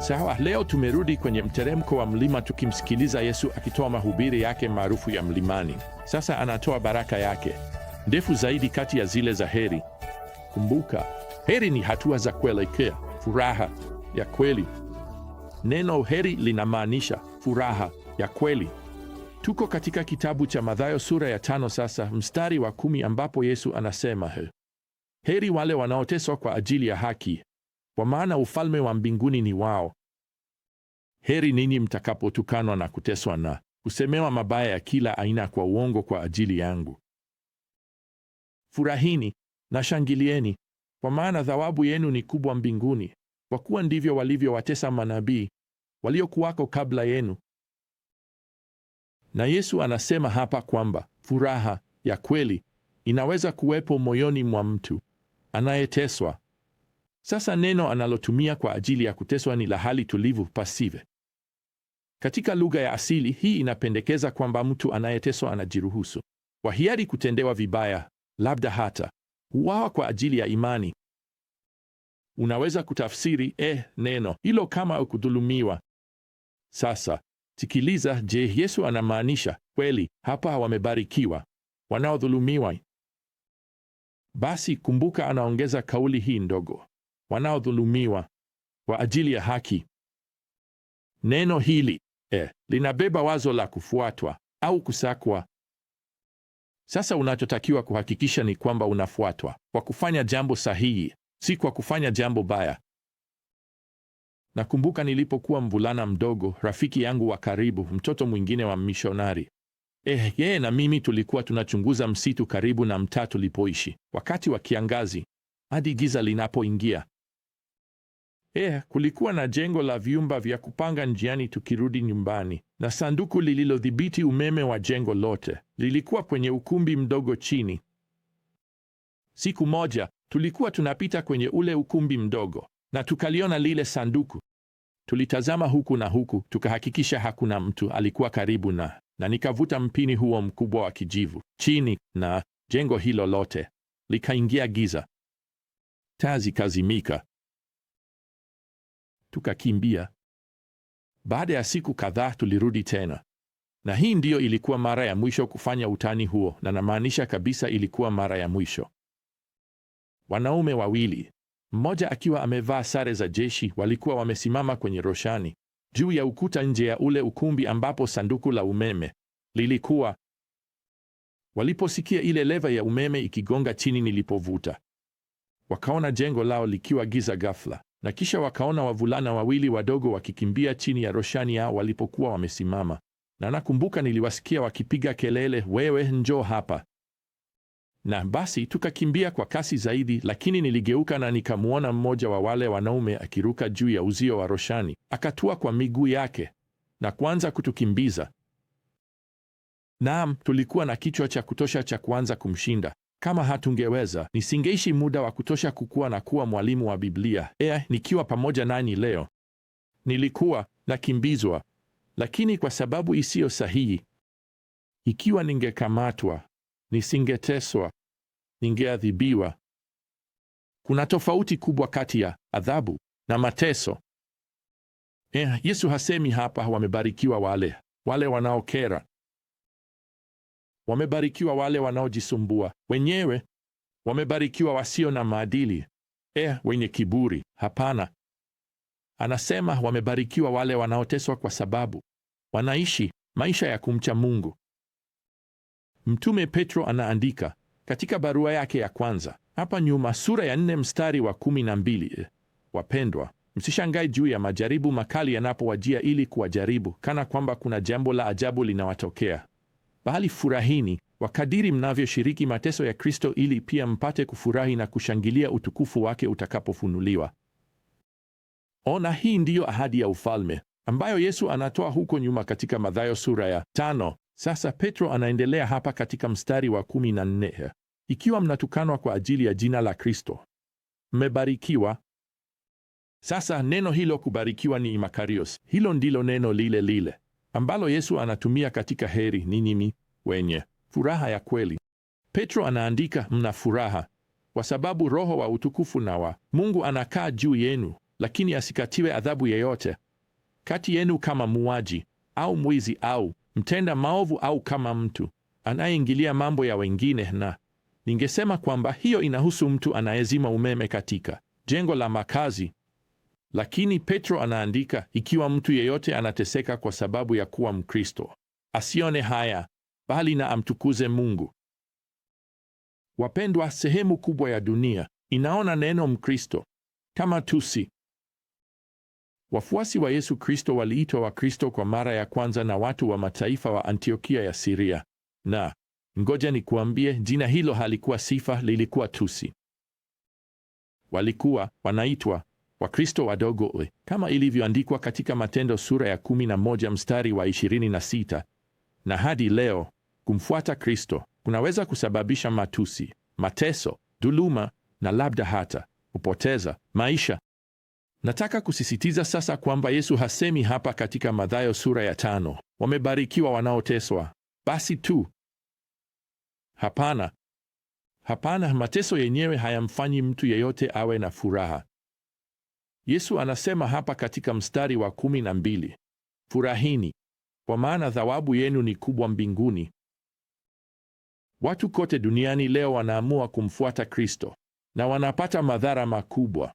Sawa, leo tumerudi kwenye mteremko wa mlima tukimsikiliza Yesu akitoa mahubiri yake maarufu ya mlimani. Sasa anatoa baraka yake ndefu zaidi kati ya zile za heri. Kumbuka, heri ni hatua za kuelekea furaha ya kweli. Neno heri linamaanisha furaha ya kweli. Tuko katika kitabu cha Mathayo sura ya tano sasa mstari wa kumi ambapo Yesu anasema he, heri wale wanaoteswa kwa ajili ya haki, kwa maana ufalme wa mbinguni ni wao. Heri ninyi mtakapotukanwa na kuteswa na kusemewa mabaya ya kila aina kwa uongo kwa ajili yangu. Furahini na shangilieni, kwa maana thawabu yenu ni kubwa mbinguni, kwa kuwa ndivyo walivyowatesa manabii waliokuwako kabla yenu. Na Yesu anasema hapa kwamba furaha ya kweli inaweza kuwepo moyoni mwa mtu anayeteswa sasa neno analotumia kwa ajili ya kuteswa ni la hali tulivu pasive. Katika lugha ya asili hii inapendekeza kwamba mtu anayeteswa anajiruhusu kwa hiari kutendewa vibaya, labda hata uawa kwa ajili ya imani. Unaweza kutafsiri eh, neno hilo kama kudhulumiwa. Sasa sikiliza, je, Yesu anamaanisha kweli hapa wamebarikiwa wanaodhulumiwa? Basi kumbuka, anaongeza kauli hii ndogo wanaodhulumiwa kwa ajili ya haki. Neno hili eh, linabeba wazo la kufuatwa au kusakwa. Sasa unachotakiwa kuhakikisha ni kwamba unafuatwa kwa kufanya jambo sahihi, si kwa kufanya jambo baya. Nakumbuka nilipokuwa mvulana mdogo, rafiki yangu wa karibu, mtoto mwingine wa mishonari eh, yeye na mimi tulikuwa tunachunguza msitu karibu na mtaa tulipoishi wakati wa kiangazi hadi giza linapoingia. Eh, kulikuwa na jengo la vyumba vya kupanga njiani tukirudi nyumbani, na sanduku lililodhibiti umeme wa jengo lote lilikuwa kwenye ukumbi mdogo chini. Siku moja tulikuwa tunapita kwenye ule ukumbi mdogo na tukaliona lile sanduku. Tulitazama huku na huku, tukahakikisha hakuna mtu alikuwa karibu na na nikavuta mpini huo mkubwa wa kijivu chini, na jengo hilo lote likaingia giza. Taa zikazimika tukakimbia. Baada ya siku kadhaa tulirudi tena, na hii ndiyo ilikuwa mara ya mwisho kufanya utani huo, na namaanisha kabisa ilikuwa mara ya mwisho. Wanaume wawili, mmoja akiwa amevaa sare za jeshi, walikuwa wamesimama kwenye roshani juu ya ukuta nje ya ule ukumbi ambapo sanduku la umeme lilikuwa. Waliposikia ile leva ya umeme ikigonga chini nilipovuta, wakaona jengo lao likiwa giza ghafla. Na kisha wakaona wavulana wawili wadogo wakikimbia chini ya roshani yao walipokuwa wamesimama, na nakumbuka niliwasikia wakipiga kelele, wewe njoo hapa! Na basi tukakimbia kwa kasi zaidi, lakini niligeuka na nikamwona mmoja wa wale wanaume akiruka juu ya uzio wa roshani, akatua kwa miguu yake na kuanza kutukimbiza. Naam, tulikuwa na kichwa cha kutosha cha kuanza kumshinda. Kama hatungeweza, nisingeishi muda wa kutosha kukua na kuwa mwalimu wa Biblia. E, nikiwa pamoja nanyi leo, nilikuwa nakimbizwa, lakini kwa sababu isiyo sahihi. Ikiwa ningekamatwa, nisingeteswa, ningeadhibiwa. Kuna tofauti kubwa kati ya adhabu na mateso. E, Yesu hasemi hapa wamebarikiwa wale wale wanaokera Wamebarikiwa wale wanaojisumbua wenyewe, wamebarikiwa wasio na maadili, eh, wenye kiburi. Hapana, anasema wamebarikiwa wale wanaoteswa kwa sababu wanaishi maisha ya kumcha Mungu. Mtume Petro anaandika katika barua yake ya kwanza hapa nyuma, sura ya nne mstari wa kumi na mbili e, wapendwa, msishangae juu ya majaribu makali yanapowajia, ili kuwajaribu kana kwamba kuna jambo la ajabu linawatokea, bali furahini wakadiri mnavyoshiriki mateso ya Kristo, ili pia mpate kufurahi na kushangilia utukufu wake utakapofunuliwa. Ona, hii ndiyo ahadi ya ufalme ambayo Yesu anatoa huko nyuma katika Mathayo sura ya tano. Sasa Petro anaendelea hapa katika mstari wa kumi na nne: ikiwa mnatukanwa kwa ajili ya jina la Kristo, mmebarikiwa. Sasa neno hilo kubarikiwa ni imakarios, hilo ndilo neno lile lile ambalo Yesu anatumia katika heri ni nini? Wenye furaha ya kweli. Petro anaandika, mna furaha kwa sababu Roho wa utukufu na wa Mungu anakaa juu yenu, lakini asikatiwe adhabu yeyote kati yenu kama muwaji au mwizi au mtenda maovu au kama mtu anayeingilia mambo ya wengine. Na ningesema kwamba hiyo inahusu mtu anayezima umeme katika jengo la makazi lakini Petro anaandika, ikiwa mtu yeyote anateseka kwa sababu ya kuwa Mkristo, asione haya, bali na amtukuze Mungu. Wapendwa, sehemu kubwa ya dunia inaona neno Mkristo kama tusi. Wafuasi wa Yesu Kristo waliitwa Wakristo kwa mara ya kwanza na watu wa mataifa wa Antiokia ya Siria, na ngoja nikuambie, jina hilo halikuwa sifa, lilikuwa tusi. Walikuwa wanaitwa Wakristo wadogo kama ilivyoandikwa katika Matendo sura ya 11 mstari wa 26. Na hadi leo kumfuata Kristo kunaweza kusababisha matusi, mateso, dhuluma na labda hata kupoteza maisha. Nataka kusisitiza sasa kwamba Yesu hasemi hapa katika Mathayo sura ya tano, wamebarikiwa wanaoteswa basi tu. Hapana, hapana, mateso yenyewe hayamfanyi mtu yeyote awe na furaha Yesu anasema hapa katika mstari wa kumi na mbili, furahini kwa maana thawabu yenu ni kubwa mbinguni. Watu kote duniani leo wanaamua kumfuata Kristo na wanapata madhara makubwa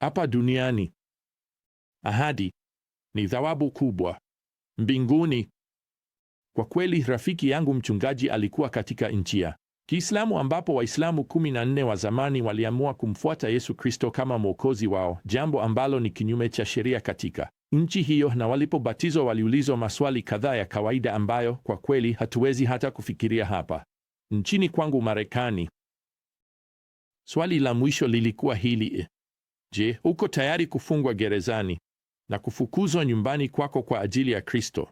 hapa duniani. Ahadi ni thawabu kubwa mbinguni. Kwa kweli, rafiki yangu mchungaji alikuwa katika nchi ya Kiislamu ambapo Waislamu kumi na nne wa zamani waliamua kumfuata Yesu Kristo kama mwokozi wao, jambo ambalo ni kinyume cha sheria katika nchi hiyo, na walipobatizwa waliulizwa maswali kadhaa ya kawaida ambayo kwa kweli hatuwezi hata kufikiria hapa nchini kwangu Marekani. Swali la mwisho lilikuwa hili: eh, Je, uko tayari kufungwa gerezani na kufukuzwa nyumbani kwako kwa ajili ya Kristo?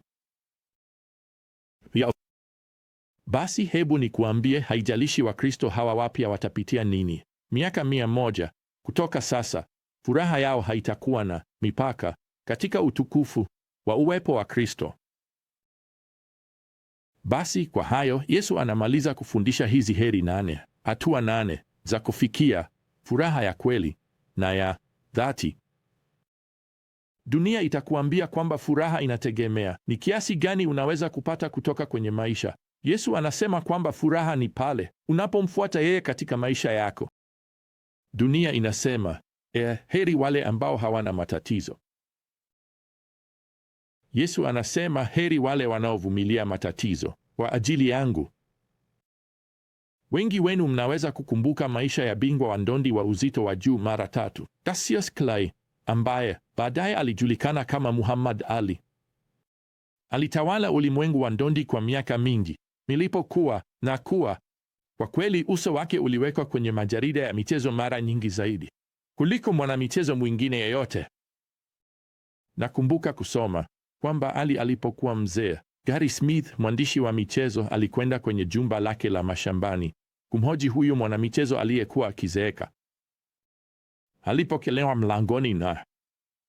Basi hebu nikuambie, haijalishi Wakristo hawa wapya watapitia nini miaka mia moja kutoka sasa, furaha yao haitakuwa na mipaka katika utukufu wa uwepo wa Kristo. Basi kwa hayo Yesu anamaliza kufundisha hizi heri nane, hatua nane za kufikia furaha ya kweli na ya dhati. Dunia itakuambia kwamba furaha inategemea ni kiasi gani unaweza kupata kutoka kwenye maisha Yesu anasema kwamba furaha ni pale unapomfuata yeye katika maisha yako. Dunia inasema eh, heri wale ambao hawana matatizo. Yesu anasema heri wale wanaovumilia matatizo kwa ajili yangu. Wengi wenu mnaweza kukumbuka maisha ya bingwa wa ndondi wa uzito wa juu mara tatu Cassius Clay, ambaye baadaye alijulikana kama Muhammad Ali. Alitawala ulimwengu wa ndondi kwa miaka mingi nilipokuwa na kuwa. Kwa kweli uso wake uliwekwa kwenye majarida ya michezo mara nyingi zaidi kuliko mwanamichezo mwingine yeyote. Nakumbuka kusoma kwamba Ali alipokuwa mzee, Gary Smith, mwandishi wa michezo, alikwenda kwenye jumba lake la mashambani kumhoji huyu mwanamichezo aliyekuwa akizeeka. Alipokelewa mlangoni na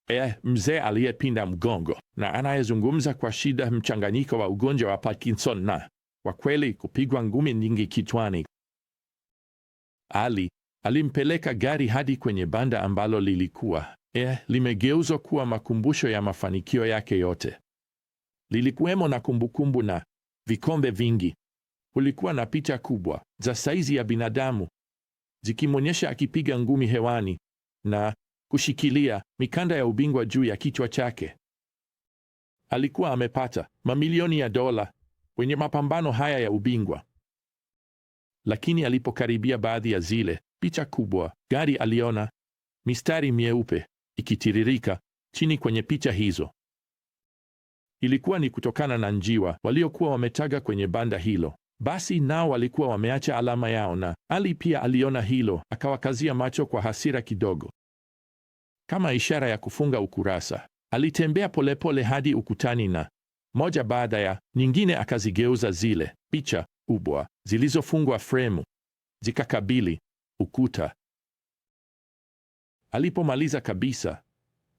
e, mzee aliyepinda mgongo na anayezungumza kwa shida, mchanganyiko wa ugonjwa wa Parkinson na kwa kweli kupigwa ngumi nyingi kichwani. Ali alimpeleka gari hadi kwenye banda ambalo lilikuwa eh, limegeuzwa kuwa makumbusho ya mafanikio yake yote. Lilikuwemo na kumbukumbu na vikombe vingi. Kulikuwa na picha kubwa za saizi ya binadamu zikimwonyesha akipiga ngumi hewani na kushikilia mikanda ya ubingwa juu ya kichwa chake. Alikuwa amepata mamilioni ya dola kwenye mapambano haya ya ubingwa. Lakini alipokaribia baadhi ya zile picha kubwa, Gari aliona mistari mieupe ikitiririka chini kwenye picha hizo. Ilikuwa ni kutokana na njiwa waliokuwa wametaga kwenye banda hilo. Basi nao walikuwa wameacha alama yao, na Ali pia aliona hilo, akawakazia macho kwa hasira kidogo. Kama ishara ya kufunga ukurasa, alitembea polepole hadi ukutani na moja baada ya nyingine, akazigeuza zile picha kubwa zilizofungwa fremu zikakabili ukuta. Alipomaliza kabisa,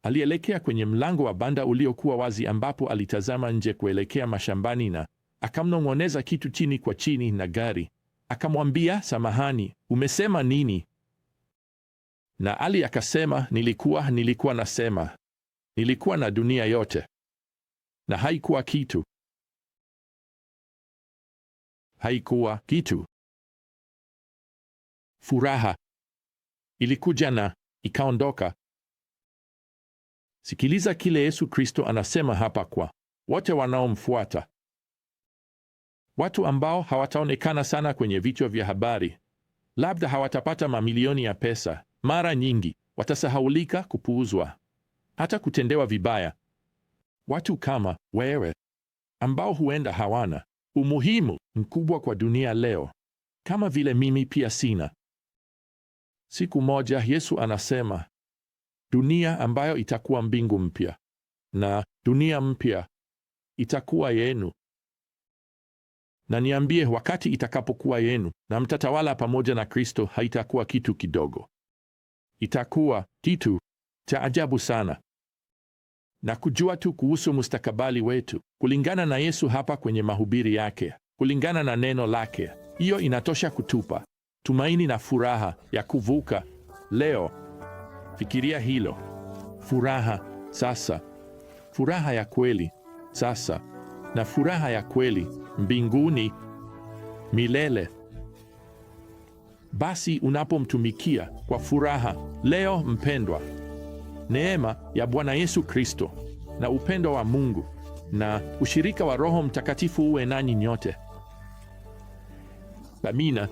alielekea kwenye mlango wa banda uliokuwa wazi, ambapo alitazama nje kuelekea mashambani na akamnong'oneza kitu chini kwa chini, na gari akamwambia, samahani, umesema nini? Na Ali akasema, nilikuwa nilikuwa nasema nilikuwa na dunia yote na haikuwa kitu, haikuwa kitu. Furaha ilikuja na ikaondoka. Sikiliza kile Yesu Kristo anasema hapa kwa wote wanaomfuata, watu ambao hawataonekana sana kwenye vichwa vya habari. Labda hawatapata mamilioni ya pesa, mara nyingi watasahaulika, kupuuzwa, hata kutendewa vibaya watu kama wewe ambao huenda hawana umuhimu mkubwa kwa dunia leo, kama vile mimi pia sina. Siku moja Yesu anasema, dunia ambayo itakuwa mbingu mpya na dunia mpya itakuwa yenu, na niambie, wakati itakapokuwa yenu na mtatawala pamoja na Kristo, haitakuwa kitu kidogo, itakuwa kitu cha ajabu sana na kujua tu kuhusu mustakabali wetu kulingana na Yesu hapa kwenye mahubiri yake, kulingana na neno lake, hiyo inatosha kutupa tumaini na furaha ya kuvuka leo. Fikiria hilo, furaha sasa, furaha ya kweli sasa, na furaha ya kweli mbinguni milele. Basi unapomtumikia kwa furaha leo, mpendwa Neema ya Bwana Yesu Kristo na upendo wa Mungu na ushirika wa Roho Mtakatifu uwe nanyi nyote. Amina.